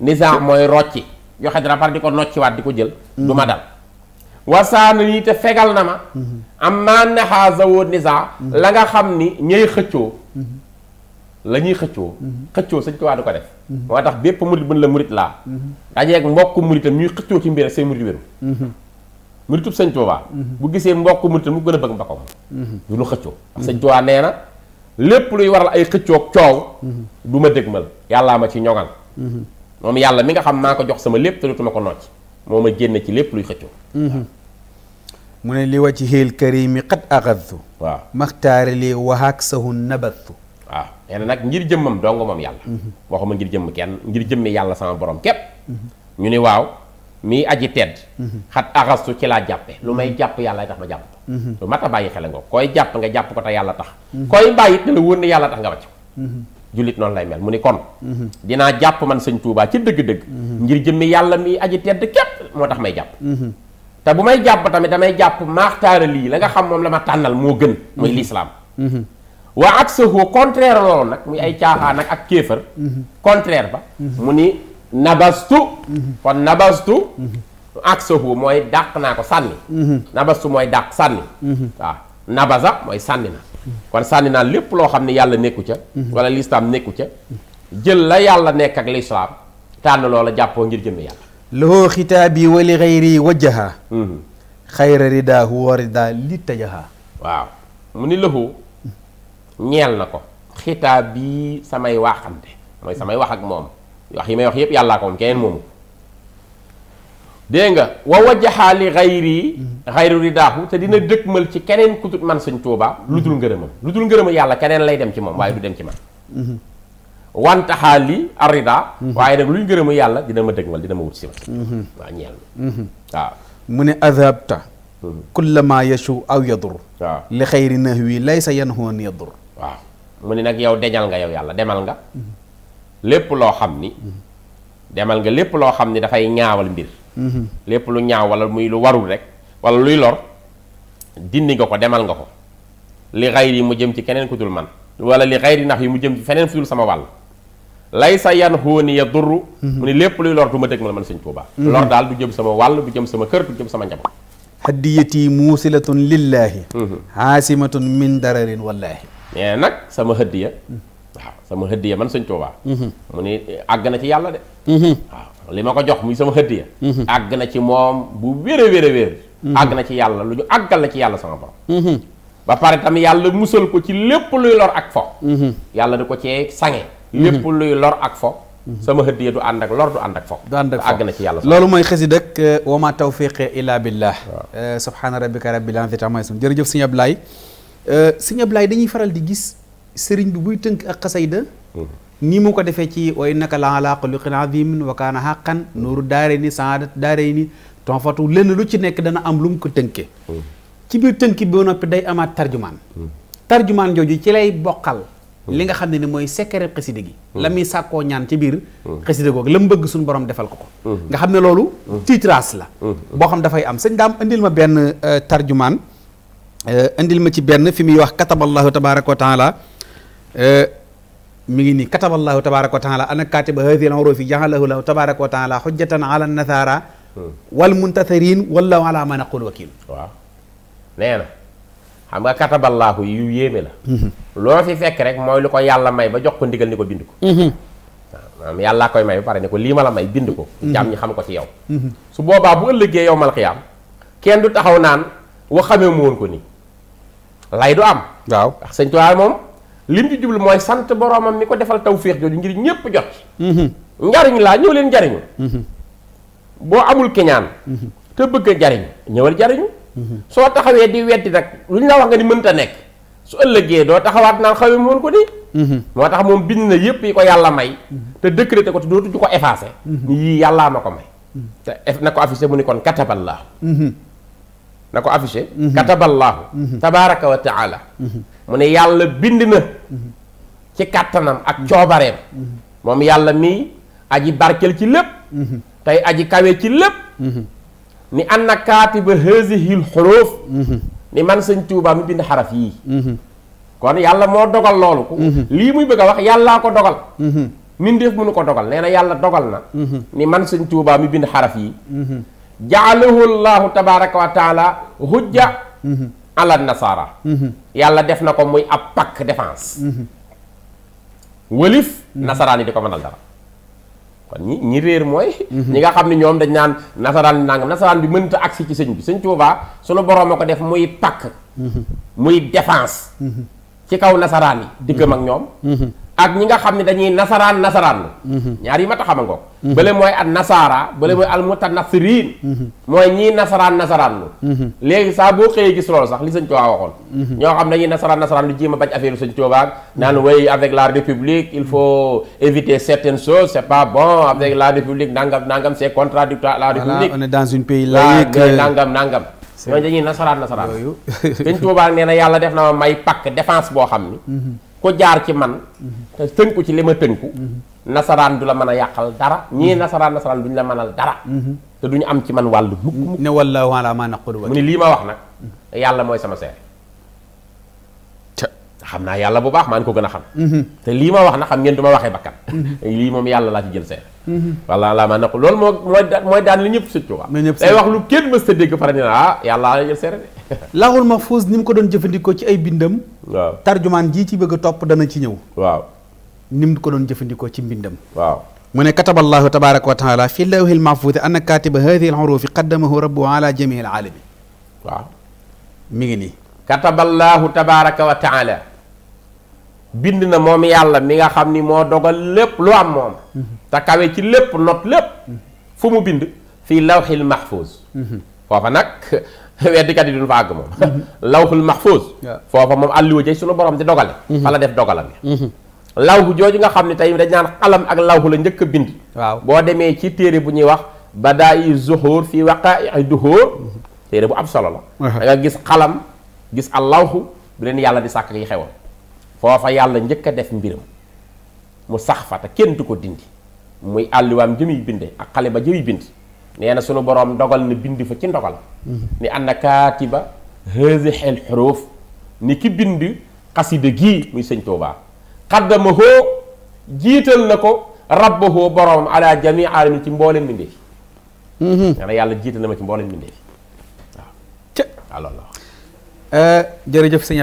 nisaan mooy rocci joxe dara par di ko nocciwaat di ko jël du ma dal wasaana nii te fegal na ma am maa naxaa zawoo nisaan la nga xam ni ñëy xëccoo la ñuy xëccoo mhm. xëccoo sëñ Tuubaa du ko def mhm. moo tax bépp murit bën la murit laa mhm. dajeeg mbokk muritam ñuy xëccoo ci mbir seen murit wéru muritub sëñ Tuubaa bu gisee mbokk muritam mu gën a bëgg mbokkam du nee lépp luy waral ay xëccoog coow du ma dégmal yàllaa ma ci ñoŋal moom yàlla mi nga xam maa ko jox sama lépp te dootuma ko nocc moo ma génne ci lépp luy xëccoo mu ne li wajhil karimi qad axadtu waaw maxtaari li waxaak sahu nabattu nee na ngir jëmmam dong moom yàlla waxuma ngir jëmm kenn ngir jëmmi yàlla sama borom kepp ñu ni waaw mii aji tedd xat axastu ci laa jàppe lu may jàpp yàlla tax ma jàpp lu mat a bàyyi xel nga koy jàpp nga jàpp ko te yàlla tax koy bàyyi te la yàlla tax nga jullit noonu lay mel mu ni kon dinaa jàpp man sëñ Tuubaa ci dëgg-dëgg ngir jëmmi yàlla mii aji tedd képp moo tax may jàpp te bu may jàpp tamit damay jàpp maaxtaara lii la nga xam moom la ma tànnal moo gën muy lislaam waa wa aksuhu contraire loolu nag muy ay caaxaan nag ak kéefër contraire ba mu ni nabastu kon nabastu aksuhu mooy dàq naa ko sànni nabastu mooy dàq sànni waaw nabasa mooy sànni na kon sànni naa lépp loo xam ne yàlla nekku ca wala lislaam nekku ca jël la yàlla nekk ak lislaam tànn loola jàppoo ngir jëmmi yàlla lahoo xitaabi wa li xayri wajjaha hmm. xayra ridaa huwa ridaa li tajaha waaw mu ni lahoo ñeel na ko xitaab bi samay waxante mooy samay wax ak moom wax yi may wax yépp yàllaa ko moom keneen moomu dégg nga wa wajaxa li xayri xayru ridaahu te dina dëkkmal ci keneen ku man suñ Tuubaa lu dul ngërëmam lu dul ngërëmal yàlla keneen lay dem ci moom waaye du dem ci man wantaxaa li arrida waaye nag luy ngërëmal yàlla dina ma dëkkmal dina ma wut si ma waaw ñeel na waaw mu ne adhabta kullama yashu aw yadur li xayri nahwi laysa yanhuwan yadur waaw mu ni nag yow deñal nga yow yàlla demal nga lépp loo xam ni demal nga lépp loo xam ni dafay ñaawal mbir lépp lu ñaaw wala muy lu warul rek wala luy lor dindi nga ko demal nga ko li xayri mu jëm ci keneen ku man wala li xayri nax yi mu jëm ci feneen fu sama wàll lay sa yan xóoni ya durru mu ni lépp luy lor du ma dëgg ma la man sëñ Tuuba mm-hmm. lor daal du jëm sama wàll du jëm sama kër du jëm sama njaboot haddiyati muusilatun lillahi mm-hmm. aasimatun min dararin wallahi mais nag sama xëdd waaw sama xëdd ya man sëñ Tuubaa mhm. mu ni àgg na ci yàlla de mhm. li ma ko jox muy sama xëdd ya mhm. àgg na ci moom bu wér a wér a wér àgg na ci yàlla lu ñu àggal ci yàlla sama borom ba pare tam yàlla musal ko ci lépp luy lor ak fo yàlla di ko cee sange lépp luy lor ak fo sama hëddiya du ànd ak lor du ànd ak fo du ànd ak àgg na ci yàlla loolu mooy xasida ak wa ma tawfiqi illa billah eh, subhaana rabbika rabbil izzati amma yasifun jërëjëf sëñ Ablaye Euh, sëñ Ablaye dañuy faral di gis sëriñ bi buy tënk ak xasayda hmm. ni mu ko defee ci way naka la ala xuluqin azimin wa kaana xaqan nooru daare ni saadat daare ni tonfatu lenn lu ci nekk dana am lu mu ko tënkee hmm. ci biir tënk bi noppi day amaat tarjumaan hmm. tarjumaan jooju ci lay bokkal li nga xam ne ni mooy secret xasida gi la muy sàkkoo ñaan ci biir xasida googu la mu bëgg suñu borom defal ko ko nga xam ne loolu tiitras la boo xam dafay am sëñ daam indil ma benn euh, tarjumaan Euh, indil ma ci benn fi muy wax kataballahu tabaraka wa taala euh, mi ngi nii kataballahu tabaraka wa taala ana katiba hadihi al urufi jahalahu lahu tabaraka wa taala xujjatan ala nasara hmm. wal muntathirin wallahu ala ma naqul wakil waaw nee na xam nga kataballahu yu yéeme la mm-hmm. loo fi fekk rek mooy lu ko yàlla may ba jox ko ndigal ni ko bind ko mm-hmm. waaw yàllaa koy may ba pare ne ko lii ma la may bind ko mm-hmm. jaam ñi xam ko ci yow su boobaa bu ëllëgee yow mal xiyaam kenn du taxaw naan wa xamee ko lay du am. waaw ak sëñ Tuubaa moom lim ci jublu mooy sant boroomam mi ko defal tawféex jooju ngir ñëpp jot. Mm-hmm. njariñ laa ñëw leen jariñu. Mm-hmm. boo amul keñaan. Mm-hmm. te bëgg a jariñ ñëwal jariñu. soo taxawee di weddi nag lu ñu la wax nga ni mënta nekk su ëllëgee doo taxawaat naan xawee mu ko nii. moo tax moom bind na yëpp yi ko yàlla may. te décrété ko te dootuñu ko effacé. ni yii yàllaa ma ko may. te na ko affiché mu ni kon kataballaahu. na ko affiché mhm. kataballaahu mhm. tabaraka wa taala mhm. mu ne yàlla bind na ci kàttanam ak coobareem moom yàlla mi aji barkel ci lépp tey aji kawe ci lépp ni anna kaatiba haazihil xuruuf ni man sëñ Tuubaa mi bind xaraf yii kon yàlla moo dogal loolu lii muy bëgg a wax yàllaa ko dogal mindeef mënu ko dogal nee na yàlla dogal na ni man sëñ Tuubaa mi bind xaraf yii jaalahu llahu tabaraka wa taala hujja mm-hmm. ala nasara mm-hmm. yàlla def na ko muy ab pakk défense mm-hmm. wëlif nasaraan yi di ko mënal dara kon ñi ñi réer mooy ñi nga xam ne ñoom dañ naan nasaraan bi nangam nasaraan bi mënta agsi ci sëñ bi sëñ Tuubaa suñu boroom a ko def muy pakk muy défense ci kaw nasaraan yi diggam ak ñoom ak ñi nga xam ne dañuy nasaraan nasaraan lu mhm. ñaar yi ma ta xamangook mhm. bële mooy at nasaara bële mooy almutanasiriin mhm. mooy ñii nasaraan nasaraan lu léegi saa boo xëyee gis loolu sax li sëñ Tuubaa waxoon ñoo xam dañuy nasaraan nasaraan lu jéem a bañ affaire sëñ Tuubaa naan way avec la république il faut éviter certaines choses c'est pas bon avec la république nangam nangam c'est contradictoire la république on est dans un pays laïque nangam nangam ñooñu dañuy nasaraan nasaraan sëñ Tuubaa nee yàlla def na may pakk défense boo xam ni ko jaar ci man te tënku ci li ma tënku nasaraan du la man a yàqal dara ñii nasaraan nasaraan duñ la mënal dara te duñu am ci man wàllu mukk ne wallaahu alaa maa naqulu mu ne lii ma wax nag yàlla mooy sama seere xam naa yàlla bu baax maa ko gën a xam mhm. te lii ma wax na xam ngeen du ma waxee bakkan lii moom yàlla laa ci jël seere mhm. wallaahu alaa maa naqulu loolu moo mooy mooy daan li ñëpp sëccu wax day wax lu kenn mës ta dégg fara ne ah yàlla la jël seere de lawul mahfuus ni mu ko doon jëfandikoo ci ay bindam. waaw tarjumaan jii ci bëgg topp dana ci ñëw. waaw ni mu ko doon jëfandikoo ci mbindam. waaw mu ne kataballaahu tabaaraka wa taala fi lawhil mahfuus anna kaatiba haadihi al xuruufi qaddamahu rabbuhu ala jamii al ngi nii. kataballaahu tabaaraka wa na moom yàlla mi nga xam ni moo dogal lépp lu am moom. Mm-hmm. te ci lépp not lépp. Mm-hmm. bind. fii lawhil mm-hmm. foofa nag. weddikat yi duñ fa àgg moom mm-hmm. lawhul mahfuz foofa moom àlliwa jëy suñu borom di dogale mm-hmm. fa la def dogalam yi mm-hmm. lawhu jooju nga xam ne tey dañ naan xalam ak lawhu la njëkk a bind waaw boo demee ci téere bu ñuy wax ba badaa'i zuhur fii ay duhur téere bu am solo la uh-huh. da gis xalam gis al lawhu bu leen yàlla di sàkk yi xewoon foofa yàlla njëkk a def mbiram mu sax fa te kenn du ko dindi muy àlliwaam jëmuy bindee ak xale ba jëmuy bind nee na sunu borom dogal na bind fa ci ndogal ni anna kaatiba haazihil xuruuf ni ki bind xasida gii muy sëñ Tuubaa xaddama hoo jiital na ko rabbahoo borom ala jami alamin ci mboolem mbindeef yi mhm. nee yàlla jiital na ma ci mboolem mbindeef yi waaw ca alors euh, jërëjëf sëñ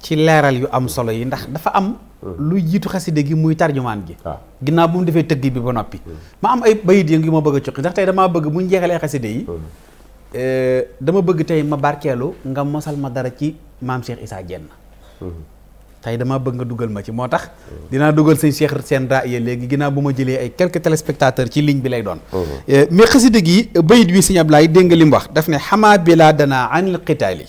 ci leeral yu am solo yi ndax dafa am hmm. luy jiitu xaside gi muy tarjumaan gi ah. ginnaaw bu mu defee tëgg bi ba noppi hmm. ma am ay bayit yi ngi ma bëgg a cuqi ndax tey damaa bëgg bu ñu jeexalee xaside yi hmm. eh, dama bëgg tey ma barkeelu nga mosal ma dara ci maam Cheikh Issa Diène tey damaa bëgg nga dugal ma ci moo tax dinaa dugal sëñ Cheikh seen raaya léegi ginnaaw bu ma jëlee ay quelques téléspectateurs ci ligne bi lay doon eh, mais xaside gi bayit wi si Ablaye dégg nga li mu wax daf ne xamaa bila danaa anil qitaali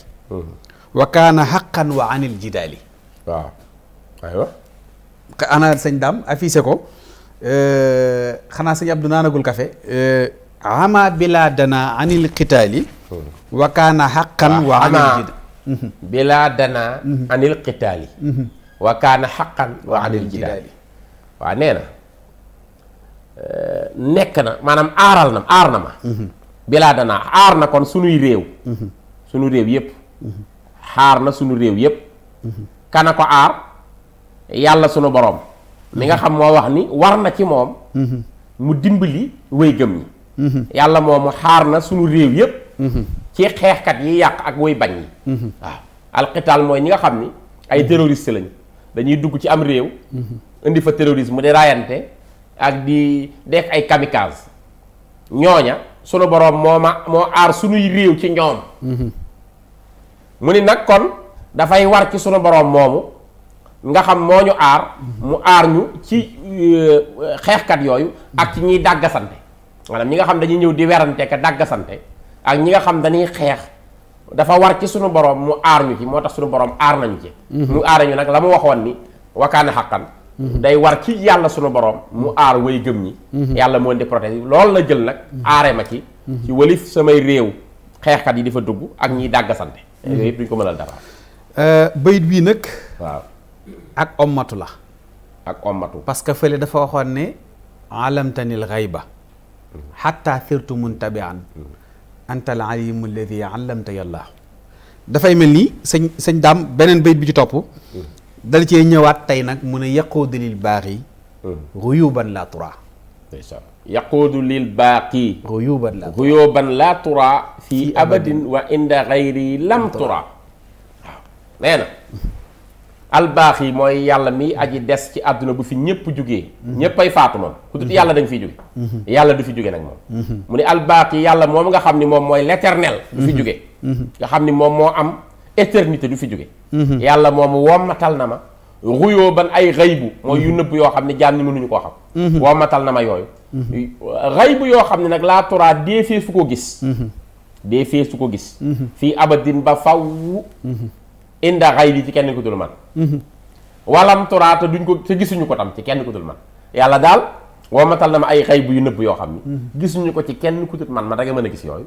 wa kaana xaqan wa anil jidaali waaw aywa ana sëñ daam affiché ko euh, xanaa sëñ Abdou naanagul café euh, ama bilaadana anil qitaali hmm. wa kaana xaqan kaana xaqan wa anil jidaali waaw nee na euh, nekk na maanaam aaral na aar na ma mhm. bilaadana aar na kon sunuy réew mhm. sunu réew yépp mhm. xaar na sunu réew yépp kana ko aar yàlla sunu borom mi nga xam moo wax ni war na ci moom mu dimbali way gëm ñi yàlla moomu xaar na sunu réew yépp ci xeexkat yi yàq ak way bañ yi waaw alqital mooy ñi nga xam ni ay terroriste lañu dañuy dugg ci am réew indi fa mu di rayante ak di def ay kamikaze ñooña sunu borom moo ma moo aar sunuy réew ci ñoom mu ni nag kon dafay war ci sunu boroom moomu nga xam moo ñu aar mu aar ñu ci euh, xeexkat yooyu ak ci ñiy dàggasante maanaam ñi nga xam dañuy ñëw di weranteeka ka dàggasante ak ñi nga xam dañuy xeex dafa war ci sunu boroom mu aar ñu ci moo tax sunu boroom aar nañu ci mhm. mu aar ñu nag la mu waxoon ni wakaana xaqan mhm. day war ci yàlla sunu boroom mu aar way gëm ñi mhm. yàlla moo di protéger loolu la jël nag aare ma ci ci walif samay réew xeexkat yi di fa dugg ak ñiy dàggasante Eh, yooyu yëpp duñ euh, bayit bii nag. waaw ak ommatu la. ak ommatu. parce que fële dafa waxoon ne. alamtanil xayba. xataa sirtu muntabian. Hmm. antal alimu alladi allamta dafay mel ni sëñ sëñ daam beneen bayit bi ci topp. Hmm. dal cee ñëwaat tey nag mun a yaqoo dalil baax yi. ruyuban hmm. la tura. yaquudu lil baaqi guyuuban laa turaa fii abadin wa inda xayri lam turaa waaw nee na albaax yi mooy yàlla mi aji des ci àdduna bu fi ñëpp jugee mhm. ñépp ay faatu moom ku dut mhm. yàlla dañ fiy jóge mhm. yàlla du fi jóge nag moom mu ne albaax yi yàlla moom nga xam ni moom mooy l'éternel du fi jóge nga xam ni moom moo am éternité du fi jóge yàlla moom wommatal na ma ruyoo ban ay xaybu mooy yu mhm. nëbb yoo xam ne jaam ñi mënuñu koo xam mhm. waaw matal na ma yooyu mhm. xaybu yoo xam ne nag laa toraat dee fee su ko gis dee fee su ko gis fii abadin ba faw inda xaybi ci kenn ku dul man walam toraa te duñ ko te gisuñu ko tam ci kenn ku dul man yàlla daal waaw matal na ma ay xaybu yu nëbb yoo xam ni gisuñu ko ci kenn ku dul man man da mën a gis yooyu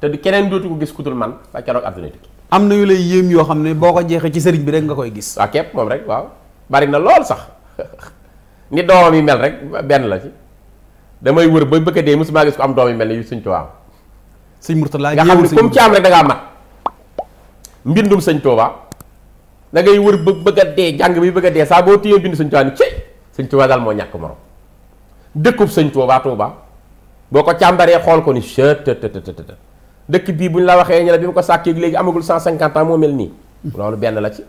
te du keneen dootu ko gis ku dul man ba keroog àdduna tukki am na yu lay yéem yoo xam ne boo ko jeexee ci sëriñ bi rek nga koy gis. waaw képp moom rek waaw bari na lool sax ni doomam yi mel rek benn la ci damay wër ba bëgg a dee mosuma gis am doom yi mel ne yu suñ tubaab. sëñ nga xam ne comme ci am rek da ngaa mbindum sëñ Tuubaa da wër ba bëgg a dee bi bëgg dee saa boo téyee bind sëñ Tuubaa ni ci sëñ Tuubaa daal moo ñàkk morom dëkkub sëñ Tuubaa Tuubaa boo ko càmbaree xool ko ni chëtëtëtëtë dëkk bii bu ñu la waxee ñu bi ma ko sàkkee léegi amagul 150 ans moo mel nii. loolu benn la ci.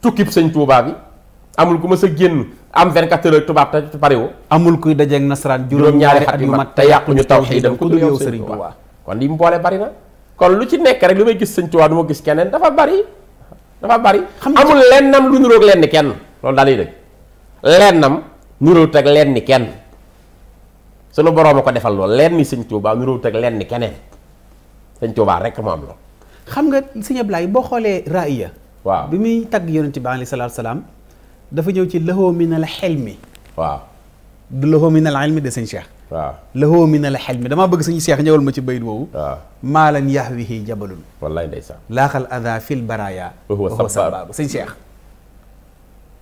tukkib sëñ Touba bi amul ku ma sa génn am 24 heures tubaab te pare woo. amul kuy dajeeg nasaraan juróom-ñaari at yu mat te yàquñu taw ku dul yow sëriñ Touba kon li mu boole bari na kon lu ci nekk rek lu may gis sëñ Touba du ma gis keneen dafa bari dafa bari. amul lennam lu nuroog lenn kenn loolu daal di dëgg lennam nuroog ak lenn kenn sunu borom a ko defal loolu lenn sëñ Touba nuroog ak lenn keneen. sëñ Tuubaa rek mu am loolu. xam nga sëñ Ablaye boo xoolee raaya. waaw bi muy tagg yonent bi alayhi salaatu salaam dafa ñëw ci lahoo minal xelmi. waaw du lahoo minal xelmi de sëñ Cheikh. waaw lahoo minal xelmi damaa bëgg sëñ Cheikh ñëwal ma ci bayit woowu. waaw maalan yahwihi jabalun. wallaay ndeysaan. laaxal adaa fil baraaya. wa huwa sabbaaru sëñ Cheikh.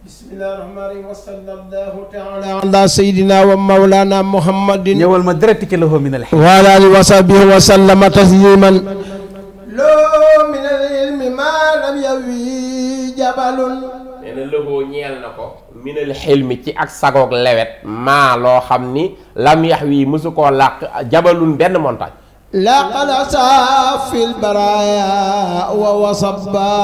bismillah rahmaan rahim wa sallallahu taala ala sayidina wa mawlana muhammadin ñëwal ma direct ki lahu min al wa ala alihi wa sahbihi wa sallama tasliman loo min al ilmi ma lam yawi jabalun nee na lëhoo ñeel na ko minal xilmi ci ak sagoog lewet maa loo xam ni lam yax wi mësu koo làq jabalun benn montagne لاقى العصا في البرايا ووصبا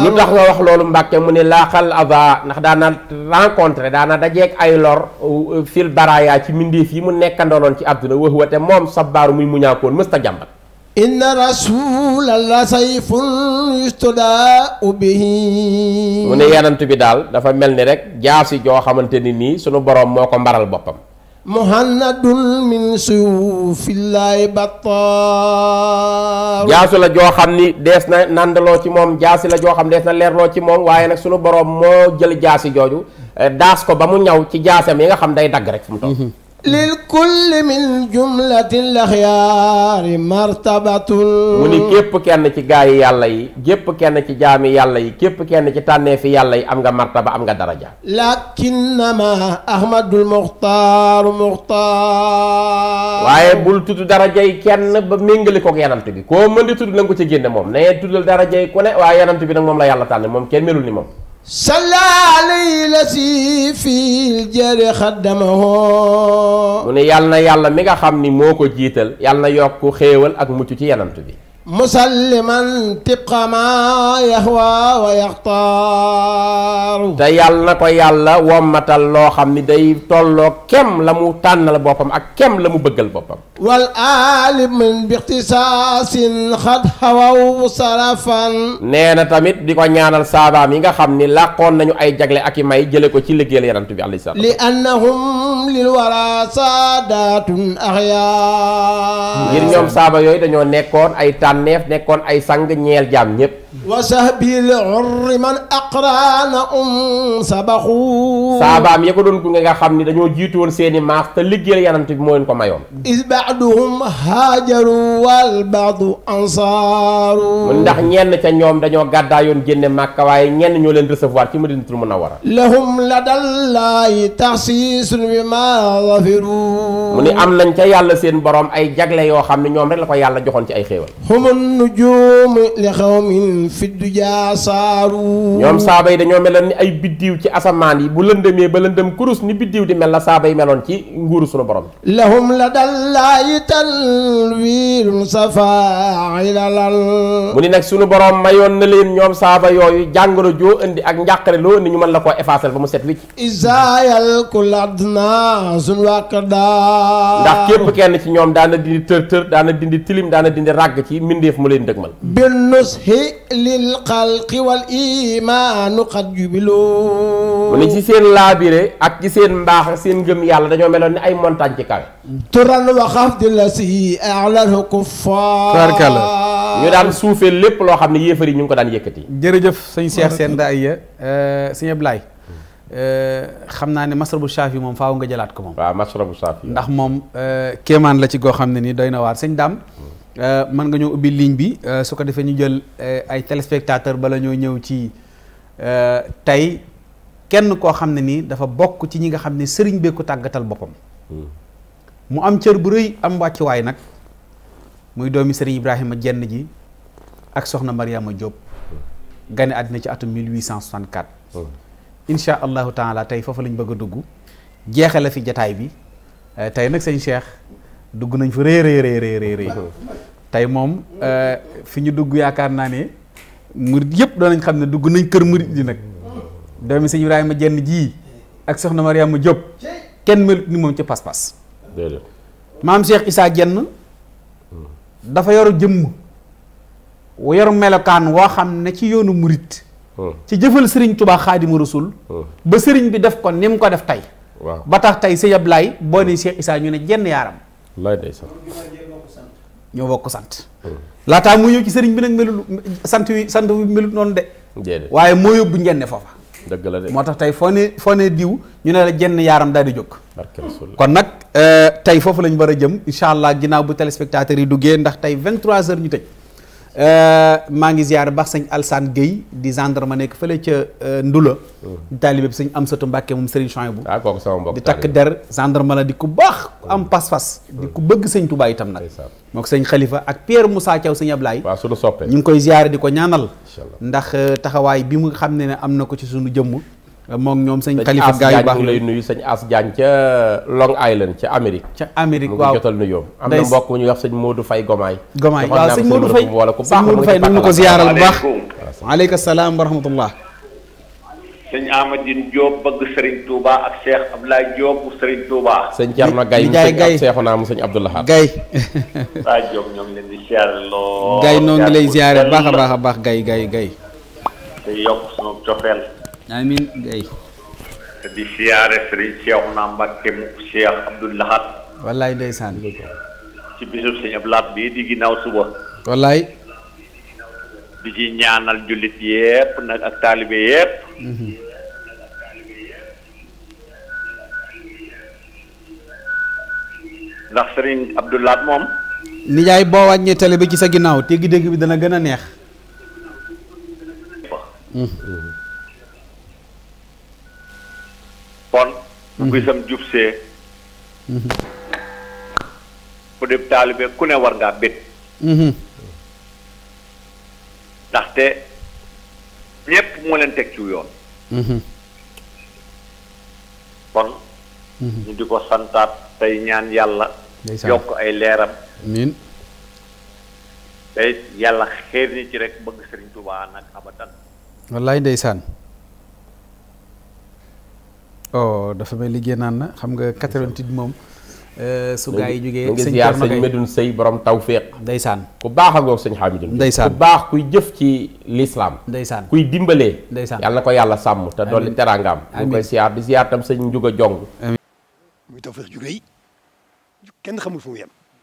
lu tax nga wax loolu Mbàkke mu ne laaxal ava ndax daana rencontré daana dajeeg ay lor euh, fil baraya ci mbindeef yi mu nekkandoloon ci àdduna wax wate moom sabaaru muy muñaakoon mës ta jàmbat inna rasulallah sayfun yustadaa bihi mu ne yenant bi daal dafa mel ni rek jaasi joo xamante ni nii sunu boroom moo ko mbaral boppam muhannadun min suyufillahi battar jaasi la joo xam ni dees na nàndaloo ci moom jaasi la joo xam dees na leerloo ci moom waaye nag sunu boroom moo jël jaasi jooju eh, daas ko ba mu ñaw ci jaasam yi nga xam day dagg rek fu mu toll mhm. lilkulli min jumlatil axyaari martabatun mu ni képp kenn ci gaa yi yàlla yi képp kenn ci jaami yàlla yi képp kenn ci tànneefi yàlla yi am nga martaba am nga daraja lakinnama ahmadul muxtaaru muxtaar waaye bul tudd daraja yi kenn ba méngale kook yanant bi koo mën di tudd na nga ko ca génne moom ne tuddal daraja ku ne waaye yanant bi nag moom la yàlla tànn moom kenn melul ni moom salla alayhi lasi fil jari xaddamaho mu ne yàlla na yàlla mi nga xam ni moo ko jiital yàlla na yokk xéewal ak mucc ci yenant bi musalliman tibqa ma yahwa wa yaxtaaru te yàlla na ko yàlla wommatal loo xam ni day tolloo kem la mu tànnal boppam ak kem la mu bëggal boppam wal alim bi ixtisaasin xad hawaw sarafan nee na tamit di ko ñaanal saabaam yi nga xam ni làqoon nañu ay jagle ak i may jële ko ci liggéeyal yanant bi alayhi salaam li annahum lil wara saadatun axyaar ngir tànneef nekkoon ay sang ñeel jaam ñépp wasabil urri man aqraana um sabaxu saabaam ya ko doon gunge nga xam ni dañoo jiitu woon seeni maas te liggéeyal yanante bi moo leen ko mayoon is baaduhum haajaru wal baadu ansaaru ndax ñenn ca ñoom dañoo gàddaa yoon génne màkka waaye ñenn ñoo leen recevoir ci madinatul a lahum la la dallaayi taxsiisun bi ma wafiru mu ni am nañ ca yàlla seen borom ay jagle yoo xam ne ñoom rek la ko yàlla joxoon ci ay xéewal humun nujuum li xawmin fi duja saaru ñoom saaba yi dañoo meloon ni ay biddiw ci asamaan yi bu lëndëmee ba lëndëm kurus ni biddiw di mel la saaba yi meloon ci nguuru sunu borom lahum la dallaayi talwiilum safailalal mu ni nag sunu borom mayoon na leen ñoom saaba yooyu jàngoro joo indi ak njàqare loo indi ñu mën la ko effacer ba mu set wicc isayal ku ladna suñ wàq daa ndax képp kenn ci ñoom daana dindi tër tër daana dindi tilim daana dindi ràgg ci mbindeef mu leen dëgmal lilxalqi wal imaanu xat jubiloo mu ne ci seen laabire ak ci seen mbaax ak seen ngëm yàlla dañoo meloon ni ay montagne ci kawe turan waxaf di la si alal kuffaar tarkala ñu daan suufee lépp loo xam ne yéefar yi ñu ngi ko daan yëkkati jërëjëf sëñ Cheikh seen da ay ya xam naa ne masrabu shaafi moom faaw nga jëlaat ko moom waaw masrabu ndax moom euh, kéemaan la ci goo xam ne nii doy na waar sëñ daam Euh, mën nga ñoo ubbi ligne bi euh, su ko defee ñu jël euh, ay téléspectateur bala ñoo ñëw ci tey kenn koo xam ne nii dafa bokk ci ñi nga xam ne sëriñ bee tàggatal boppam hmm. mu am cër bu rëy am wàccuwaay nag muy doomi sëriñ Ibrahima Jenn ji ak soxna Mariama Diop hmm. gane àddina ci atum 1864 hmm. insha allahu taala tey foofu lañu bëgg a dugg la fi jataay bi tey nag sëñ Cheikh dugg nañ fa rëy rëy rëy tey moom euh, fi ñu dugg yaakaar naa ne murit yëpp doonañ xam ne dugg nañ kër murit yi nag doomi sëñ Ibrahima jenn jii ak soxna Mariama Diop kenn melut ni moom ci pas-pas maam Cheikh Issa jenn dafa yoru jëmm yoru melokaan woo xam ne ci yoonu murit hmm. ci jëfal sëriñ Tuubaa Xaadimu Rasuul hmm. ba sëriñ bi def ko ni mu ko def tey ba tax tey sëñ Ablaay boo ne Cheikh Issa ñu ne jenn yaaram lay day sax ñoo bokk sant. laataa mu ñëw ci sëriñ bi nag melul sant wi sant wi melut noonu de. waaye moo yóbbu njenne foofa. dëgg la moo tax tey foo ne foo ne diw ñu ne la jenn yaaram daal di jóg. kon nag euh, tey foofu lañ war a jëm incha allah ginnaaw bu téléspectateurs yi duggee ndax tey 23h ñu tëj. Euh, maa ngi ziar baax sañ Alsaan Guèye di ma nekk fële ca euh, Ndula. Mm. di taalibe bi am satu Mbàkke moom Serigne Chouaïbou bu ah, di takk der gendarme la di ku baax am mm. pas-pas di mm. ku bëgg sëñ Touba itam nag moo ko sëñ Khalifa ak Pierre Moussa Thiaw sëñ Ablaye waaw suñu soppee ñu ngi koy ziar di ko ñaanal ndax euh, taxawaay bi mu xam ne ne am na ko ci sunu jëmm moom ñoom sëñ Khalifa gaa yu lay nuyu sëñ As Diagne ca Long ca Amérique. ca ngi wax sëñ Modou Faye Gomaay. Gomaay waaw sëñ bu baax. waaleykum salaam wa rahmatullah. sëñ Amadine lay ziare baax a baax a baax Gaye Gaye amiin gay di siyaare Serigne Cheikhouna Mbacké mu Cheikh Abdou Lahad wallaay ndeysaan ci bisub Serigne Abdou Lahad bii di ginnaaw suba wallaay di ci ñaanal jullit yépp nag ak taalibe yépp mm-hmm. ndax Serigne Abdou Lahad moom nijaay boo wàññee télé bi ci sa ginnaaw dégg-dégg bi dana gën a neex mm-hmm. bu gisam jub see ku dib taalibe ku ne war ngaa bét ndaxte ñépp moo leen teg ci yoon kon ñu di ko santaat tey ñaan yàlla yokk ay leeram amiin tey yàlla xeer ni ci rek bëgg Sëriñ Tuubaa nag abadan wallaay ndeysaan oh dafa may liggéey naan na xam nga 88 moom. Eh, su gaa yi jógee sëñ Thierno Gueye sëñ Medoune Seye borom tawféex. ndeysaan ku baax a ngoog sëñ Hamidou. ndeysaan ku baax kuy jëf ci lislaam. ndeysaan kuy dimbalee. ndeysaan yàlla na ko yàlla sàmm te dolli teraangaam. amiin ñu koy siyaar di siyaar tam sëñ Ndiouga Jong. muy tawféex ju rëy kenn xamul fu mu